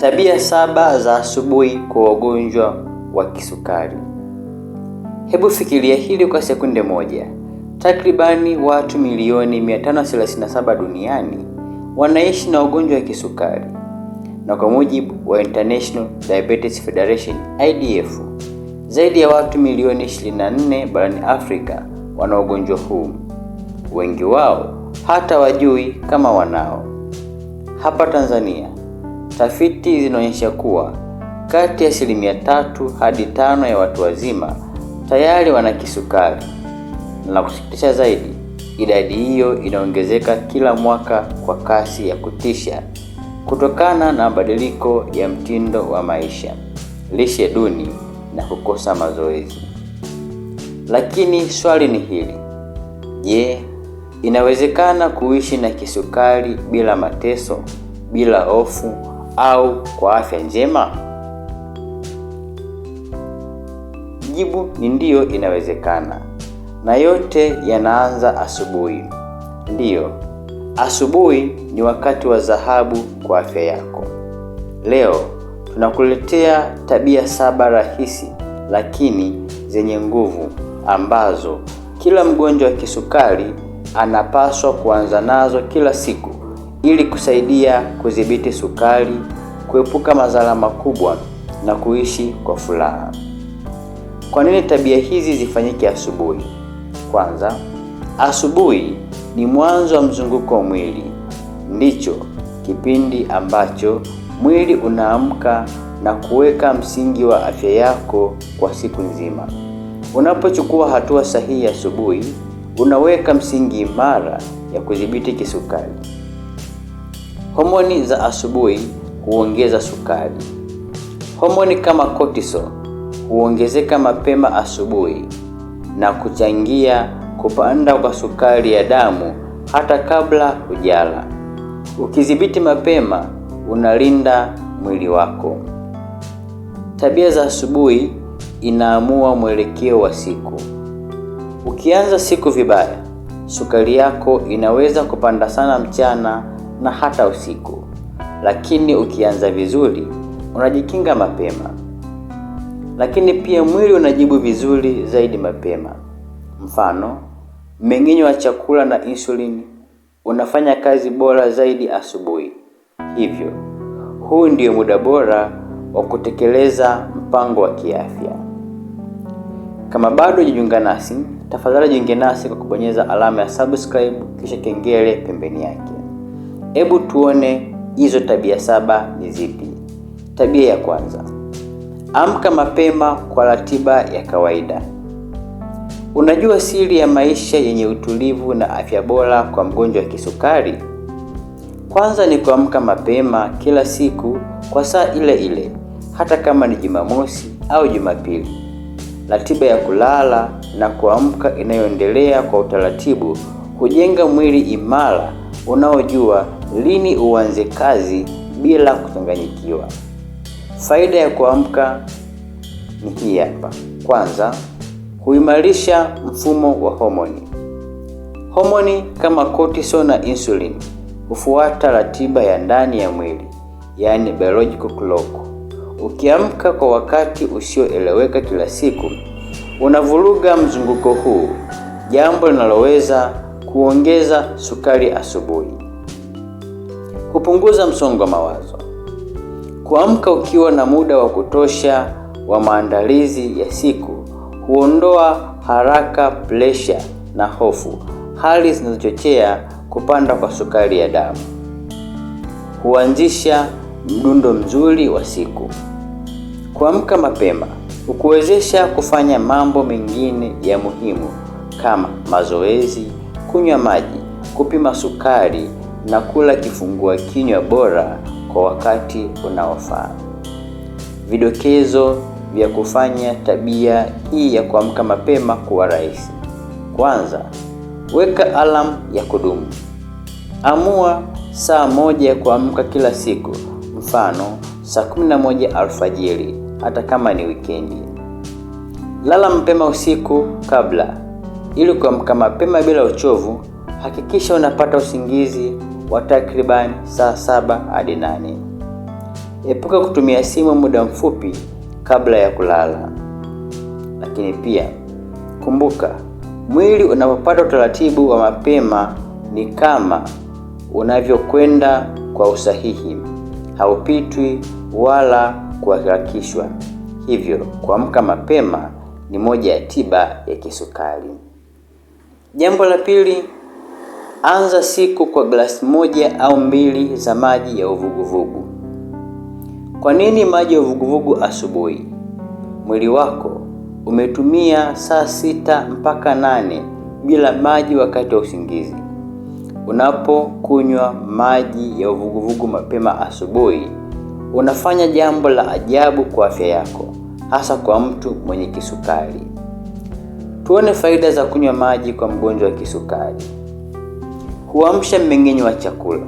Tabia saba za asubuhi kwa wagonjwa wa kisukari. Hebu fikiria hili kwa sekunde moja. Takribani watu milioni 537 duniani wanaishi na ugonjwa wa kisukari, na kwa mujibu wa International Diabetes Federation IDF, zaidi ya watu milioni 24 barani Afrika wana ugonjwa huu. Wengi wao hata wajui kama wanao. Hapa Tanzania Tafiti zinaonyesha kuwa kati ya asilimia tatu hadi tano ya watu wazima tayari wana kisukari, na la kusikitisha zaidi, idadi hiyo inaongezeka kila mwaka kwa kasi ya kutisha kutokana na mabadiliko ya mtindo wa maisha, lishe duni na kukosa mazoezi. Lakini swali ni hili: je, inawezekana kuishi na kisukari bila mateso, bila hofu au kwa afya njema? Jibu ni ndiyo, inawezekana, na yote yanaanza asubuhi. Ndiyo, asubuhi ni wakati wa dhahabu kwa afya yako. Leo tunakuletea tabia saba rahisi lakini zenye nguvu ambazo kila mgonjwa wa kisukari anapaswa kuanza nazo kila siku ili kusaidia kudhibiti sukari, kuepuka madhara makubwa na kuishi kwa furaha. Kwa nini tabia hizi zifanyike asubuhi? Kwanza, asubuhi ni mwanzo wa mzunguko wa mwili, ndicho kipindi ambacho mwili unaamka na kuweka msingi wa afya yako kwa siku nzima. Unapochukua hatua sahihi asubuhi, unaweka msingi imara ya kudhibiti kisukari. Homoni za asubuhi huongeza sukari. Homoni kama cortisol huongezeka mapema asubuhi na kuchangia kupanda kwa sukari ya damu hata kabla hujala. Ukidhibiti mapema, unalinda mwili wako. Tabia za asubuhi inaamua mwelekeo wa siku. Ukianza siku vibaya, sukari yako inaweza kupanda sana mchana na hata usiku, lakini ukianza vizuri unajikinga mapema, lakini pia mwili unajibu vizuri zaidi mapema. Mfano, mmeng'enyo wa chakula na insulini unafanya kazi bora zaidi asubuhi. Hivyo huu ndio muda bora wa kutekeleza mpango wa kiafya. Kama bado hujajiunga nasi, tafadhali jiunge nasi kwa kubonyeza alama ya subscribe kisha kengele pembeni yake. Hebu tuone hizo tabia saba ni zipi. Tabia ya kwanza, amka mapema kwa ratiba ya kawaida. Unajua siri ya maisha yenye utulivu na afya bora kwa mgonjwa wa kisukari? Kwanza ni kuamka mapema kila siku kwa saa ile ile, hata kama ni Jumamosi au Jumapili. Ratiba ya kulala na kuamka inayoendelea kwa utaratibu hujenga mwili imara unaojua Lini uanze kazi bila kuchanganyikiwa? Faida ya kuamka ni hii hapa. Kwanza, huimarisha mfumo wa homoni. Homoni kama cortisol na insulin hufuata ratiba ya ndani ya mwili, yaani biological clock. Ukiamka kwa wakati usioeleweka kila siku, unavuruga mzunguko huu, jambo linaloweza kuongeza sukari asubuhi hupunguza msongo wa mawazo. Kuamka ukiwa na muda wa kutosha wa maandalizi ya siku huondoa haraka presha na hofu, hali zinazochochea kupanda kwa sukari ya damu. Huanzisha mdundo mzuri wa siku. Kuamka mapema hukuwezesha kufanya mambo mengine ya muhimu kama mazoezi, kunywa maji, kupima sukari na kula kifungua kinywa bora kwa wakati unaofaa. Vidokezo vya kufanya tabia hii ya kuamka mapema kuwa rahisi: kwanza, weka alamu ya kudumu. Amua saa moja ya kuamka kila siku, mfano saa moja alfajiri, hata kama ni wikendi. Lala mapema usiku kabla, ili kuamka mapema bila uchovu. Hakikisha unapata usingizi wa takriban saa saba hadi nane. Epuka kutumia simu muda mfupi kabla ya kulala. Lakini pia kumbuka, mwili unapopata utaratibu wa mapema ni kama unavyokwenda kwa usahihi, haupitwi wala kuharakishwa. Hivyo kuamka mapema ni moja ya tiba ya kisukari. Jambo la pili Anza siku kwa glasi moja au mbili za maji ya uvuguvugu. Kwa nini maji ya uvuguvugu asubuhi? Mwili wako umetumia saa sita mpaka nane bila maji wakati wa usingizi. Unapokunywa maji ya uvuguvugu mapema asubuhi, unafanya jambo la ajabu kwa afya yako, hasa kwa mtu mwenye kisukari. Tuone faida za kunywa maji kwa mgonjwa wa kisukari huamsha mmeng'enyo wa chakula.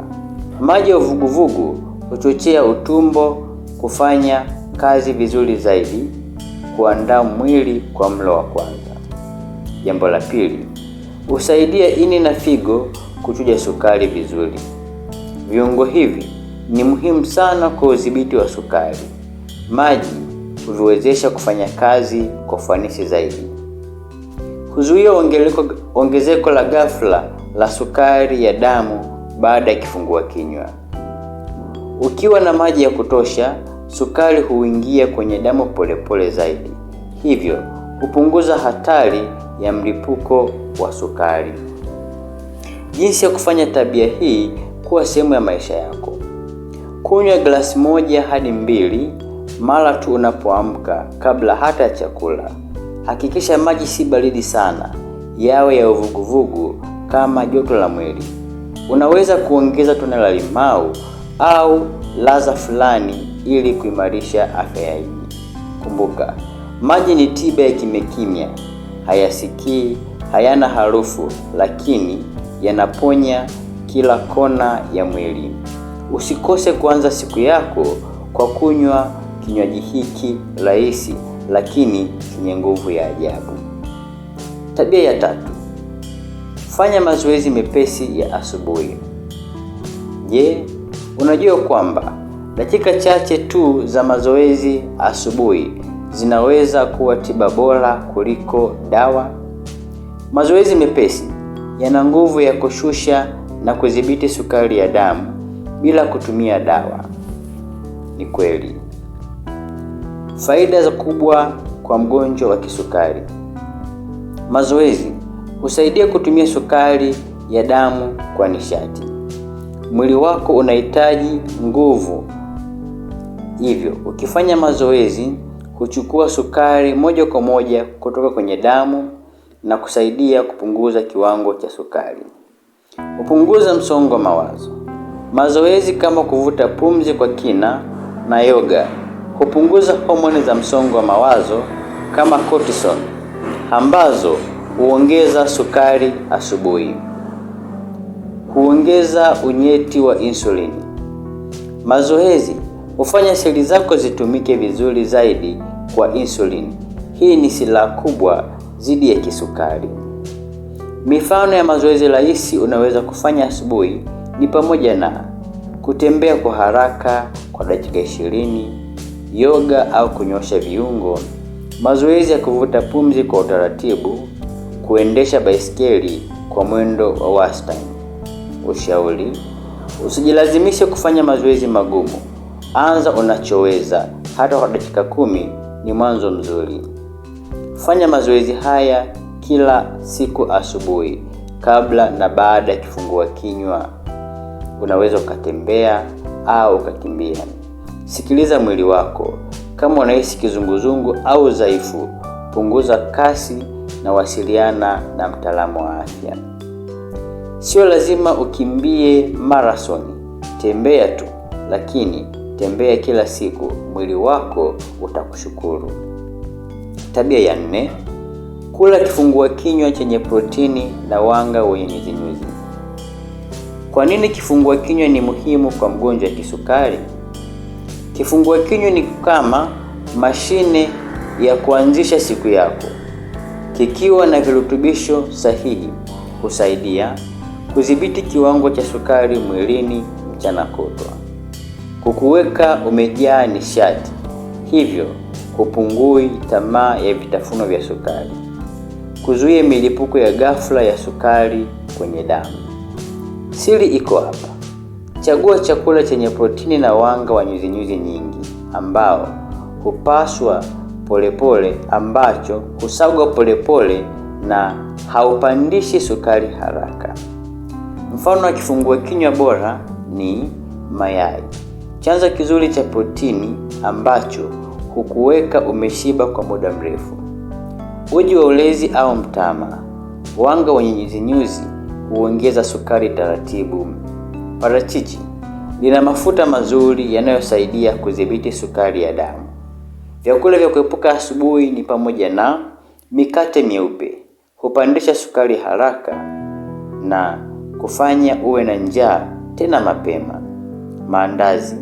Maji ya uvuguvugu huchochea utumbo kufanya kazi vizuri zaidi, kuandaa mwili kwa mlo wa kwanza. Jambo la pili, husaidia ini na figo kuchuja sukari vizuri. Viungo hivi ni muhimu sana kwa udhibiti wa sukari. Maji huviwezesha kufanya kazi kwa ufanisi zaidi, huzuia ongezeko la ghafla la sukari ya damu baada ya kifungua kinywa. Ukiwa na maji ya kutosha, sukari huingia kwenye damu polepole pole zaidi, hivyo hupunguza hatari ya mlipuko wa sukari. Jinsi ya kufanya tabia hii kuwa sehemu ya maisha yako: kunywa glasi moja hadi mbili mara tu unapoamka, kabla hata ya chakula. Hakikisha maji si baridi sana, yawe ya uvuguvugu kama joto la mwili. Unaweza kuongeza tone la limau au ladha fulani ili kuimarisha afya ya ini. Kumbuka, maji ni tiba ya kimekimya, hayasikii, hayana harufu, lakini yanaponya kila kona ya mwili. Usikose kuanza siku yako kwa kunywa kinywaji hiki rahisi lakini chenye nguvu ya ajabu. Tabia ya tatu, fanya mazoezi mepesi ya asubuhi. Je, unajua kwamba dakika chache tu za mazoezi asubuhi zinaweza kuwa tiba bora kuliko dawa? Mazoezi mepesi yana nguvu ya kushusha na kudhibiti sukari ya damu bila kutumia dawa. Ni kweli. Faida kubwa kwa mgonjwa wa kisukari. Mazoezi husaidia kutumia sukari ya damu kwa nishati. Mwili wako unahitaji nguvu, hivyo ukifanya mazoezi huchukua sukari moja kwa moja kutoka kwenye damu na kusaidia kupunguza kiwango cha sukari. Hupunguza msongo wa mawazo. Mazoezi kama kuvuta pumzi kwa kina na yoga hupunguza homoni za msongo wa mawazo kama cortisol ambazo huongeza sukari asubuhi, huongeza unyeti wa insulini. Mazoezi hufanya seli zako zitumike vizuri zaidi kwa insulini. Hii ni silaha kubwa dhidi ya kisukari. Mifano ya mazoezi rahisi unaweza kufanya asubuhi ni pamoja na kutembea kwa haraka kwa dakika ishirini, yoga au kunyosha viungo, mazoezi ya kuvuta pumzi kwa utaratibu, kuendesha baiskeli kwa mwendo wa wastani. Ushauri: usijilazimishe kufanya mazoezi magumu, anza unachoweza. Hata kwa dakika kumi ni mwanzo mzuri. Fanya mazoezi haya kila siku, asubuhi, kabla na baada ya kifungua kinywa. Unaweza ukatembea au ukakimbia. Sikiliza mwili wako. Kama unahisi kizunguzungu au dhaifu, punguza kasi na wasiliana na mtaalamu wa afya. Sio lazima ukimbie marathoni, tembea tu, lakini tembea kila siku, mwili wako utakushukuru. Tabia ya nne, kula kifungua kinywa chenye protini na wanga wenye nyuzinyuzi. Kwa nini kifungua kinywa ni muhimu kwa mgonjwa wa kisukari? Kifungua kinywa ni kama mashine ya kuanzisha siku yako kikiwa na virutubisho sahihi husaidia kudhibiti kiwango cha sukari mwilini mchana kutwa, kukuweka umejaa nishati, hivyo kupungui tamaa ya vitafuno vya sukari, kuzuia milipuko ya ghafla ya sukari kwenye damu. Siri iko hapa. Chagua chakula chenye protini na wanga wa nyuzinyuzi nyingi ambao hupaswa polepole ambacho husagwa polepole na haupandishi sukari haraka. Mfano wa kifungua kinywa bora ni mayai, chanzo kizuri cha protini ambacho hukuweka umeshiba kwa muda mrefu. Uji wa ulezi au mtama, wanga wenye nyuzinyuzi huongeza sukari taratibu. Parachichi lina mafuta mazuri yanayosaidia kudhibiti sukari ya damu. Vyakula vya kuepuka asubuhi ni pamoja na mikate myeupe, hupandisha sukari haraka na kufanya uwe na njaa tena mapema. Maandazi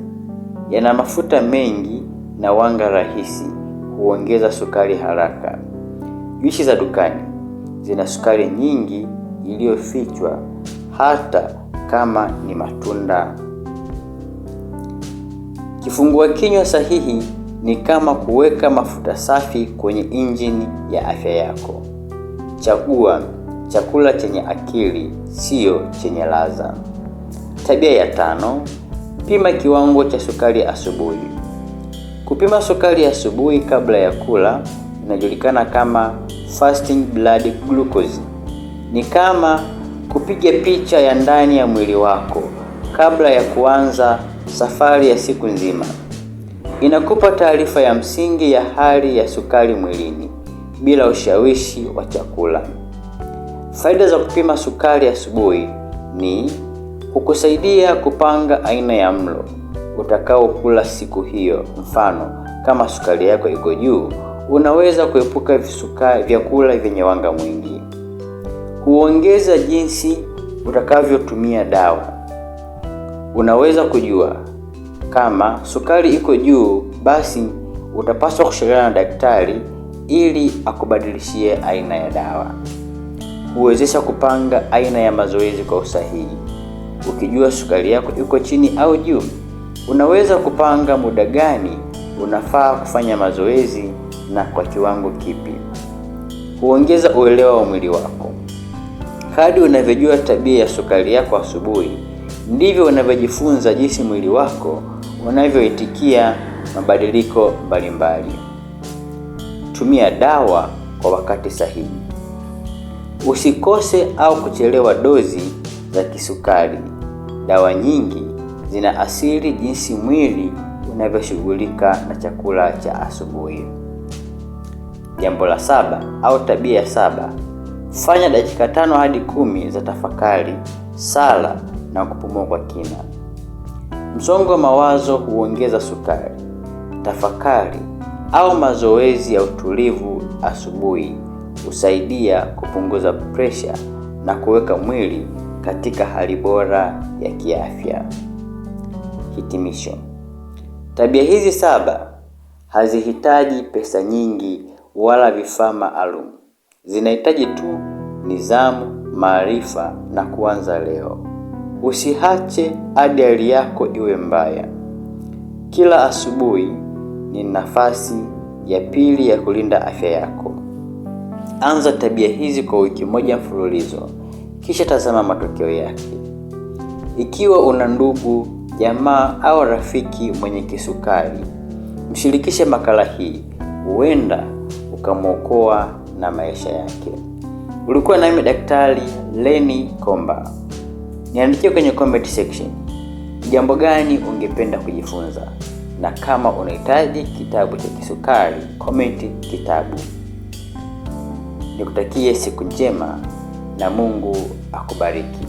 yana mafuta mengi na wanga rahisi, huongeza sukari haraka. Juisi za dukani zina sukari nyingi iliyofichwa hata kama ni matunda. Kifungua kinywa sahihi ni kama kuweka mafuta safi kwenye injini ya afya yako. Chagua chakula chenye akili, siyo chenye ladha. Tabia ya tano: pima kiwango cha sukari asubuhi. Kupima sukari asubuhi kabla ya kula inajulikana kama fasting blood glucose. Ni kama kupiga picha ya ndani ya mwili wako kabla ya kuanza safari ya siku nzima. Inakupa taarifa ya msingi ya hali ya sukari mwilini bila ushawishi wa chakula. Faida za kupima sukari asubuhi ni kukusaidia kupanga aina ya mlo utakaokula siku hiyo. Mfano, kama sukari yako iko juu, unaweza kuepuka visukari, vyakula vyenye wanga mwingi. Huongeza jinsi utakavyotumia dawa. Unaweza kujua kama sukari iko juu, basi utapaswa kushauriana na daktari ili akubadilishie aina ya dawa. Huwezesha kupanga aina ya mazoezi kwa usahihi. Ukijua sukari yako iko chini au juu, unaweza kupanga muda gani unafaa kufanya mazoezi na kwa kiwango kipi. Huongeza uelewa wa mwili wako. Kadri unavyojua tabia ya sukari yako asubuhi, ndivyo unavyojifunza jinsi mwili wako unavyoitikia mabadiliko mbalimbali. Tumia dawa kwa wakati sahihi. Usikose au kuchelewa dozi za kisukari. Dawa nyingi zina asili jinsi mwili unavyoshughulika na chakula cha asubuhi. Jambo la saba au tabia ya saba, fanya dakika tano hadi kumi za tafakari, sala na kupumua kwa kina. Msongo wa mawazo huongeza sukari. Tafakari au mazoezi ya utulivu asubuhi husaidia kupunguza presha na kuweka mwili katika hali bora ya kiafya. Hitimisho. Tabia hizi saba hazihitaji pesa nyingi wala vifaa maalum. Zinahitaji tu nidhamu, maarifa na kuanza leo. Usiache hadi hali yako iwe mbaya. Kila asubuhi ni nafasi ya pili ya kulinda afya yako. Anza tabia hizi kwa wiki moja mfululizo, kisha tazama matokeo yake. Ikiwa una ndugu, jamaa au rafiki mwenye kisukari, mshirikishe makala hii, huenda ukamwokoa na maisha yake. Ulikuwa nami Daktari Lenny Komba. Niandikie kwenye comment section jambo gani ungependa kujifunza, na kama unahitaji kitabu cha kisukari comment kitabu. Nikutakie siku njema na Mungu akubariki.